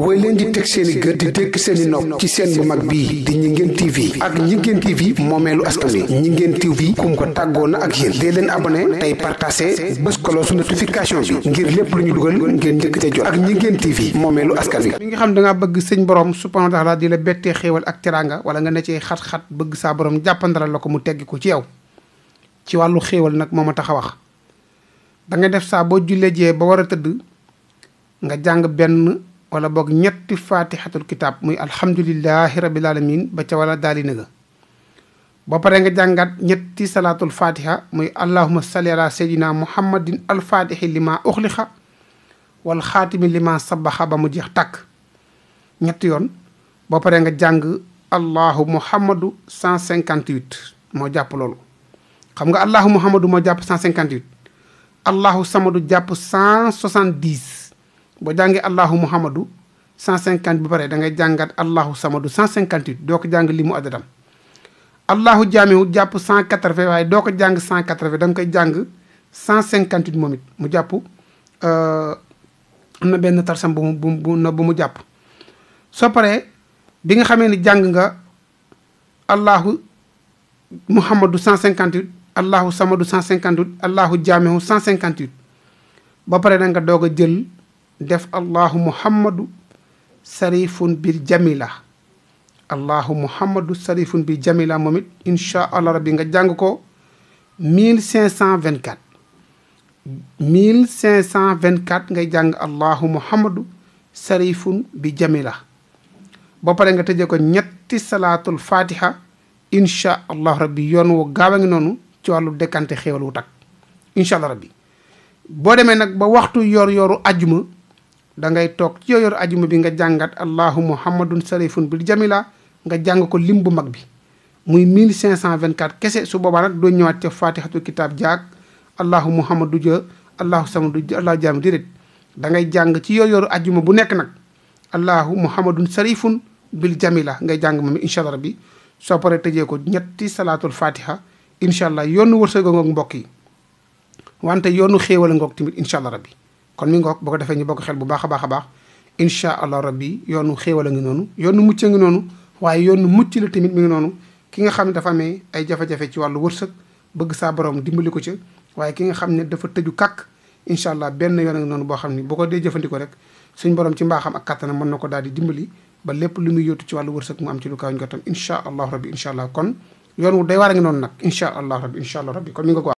way leen di tek seni gër di tek seni nok ci sen bu mag bi di ñingen tv ak ñingen tv moomeelu melu wi ñi tv kum ko tagona ak yeen de len abonné partager bes ko lo notification bi ngir lepp lu ñu duggal ngeen njëkk ci jot ak ñingen tv moomeelu melu wi mi nga xam da nga bëgg señ borom subhanahu wa taala di la bété xéewal ak teranga wala nga ne ci xat-xat bëgg sa borom jappandara la ko mu tegg ko ci yow ci walu xéewal nak moma ma wax da nga def sa bo julé jee ba wara teud nga jang benn wala boog ñetti faatixatul kitaab muy alhamdulilahi rabil alamin ba ca wala daali na ga ba pare nga jàngat ñetti salaatul fatiha muy allahuma salli ala sayyidina muhammadin alfaatixi lima uxlixa wal xaatimi sabaxa ba mu jeex tàkk ñetti yoon ba pare nga jàng allahu muhammadu 158 moo jàpp loolu xam nga allahu muhammadu moo jàpp 158 allahu samadu jàpp 170 bo jàngee allahu muhammadu 150 bi pare da ngay jàngat allahu samadu 158 doo ko jàng li mu adadam allahu jaamihu jàpp 180 waaye doo ko jàng 180 da nga koy jàng 158 momit mu jàpp euh, am na benn tarsam bu mu bu mu bu mu jàpp soo paree bi nga xamee ni jàng nga allahu muhammadu 158 allahu samadu 158 allahu jaamihu 158 ba pare da nga doog a jël def allahu muhammadu sarifun bil jamila allahu muhammadu sarifun bil jamila moom it incha allah rabbi nga jàng ko 1524 1524 ngay jàng allahu muhammadu sarifun bi jamila ba pare nga tëjee ko ñetti salaatul fatiha incha allah rabbi yoon woo gaaw a ngi noonu ci wàllu dekkante xéewal wu tag incha allah rabbi boo demee nag ba waxtu yor yoru ajjuma da ngay toog ci yoyor aljuma bi nga jangat allahu muhammadun sarifun bil jamila nga jang ko limbu mag bi muy 1524 kese su boba nak do ñewat ci fatihatul kitab jak allahu muhammadu ja allahu samadu ja Allah jam dirit da ngay jàng ci yoyor aljuma bu nek nak allahu muhammadun sarifun bil jamila nga jang mom inshallah rabbi so pare teje ko ñetti salatul fatiha inshallah yonu yoonu wërsëg mbokki wante yonu xewal ngok timit inshallah rabbi kon mi ngoog bu boko defé ñu bokk xel bu baaxa baaxa baax insha allah rabbi yoonu xéewal nga nonu yoonu mucc nga nonu waye yoonu mucc la tamit mi ngi nonu ki nga xamne dafa amé ay jafé jafé ci walu wërseuk bëgg sa borom dimbali ko ci waye ki nga xamne dafa kak insha allah benn yoon nga nonu bo xamni bu ko dé jëfëndiko rek suñu borom ci mbaxam ak katana mën nako daal di dimbali ba lepp lu muy yottu ci walu wërseuk mu am ci lu kaw ñu allah rabbi insha allah kon yoonu day war nga nonu nak insha allah rabbi insha allah rabbi kon mi nga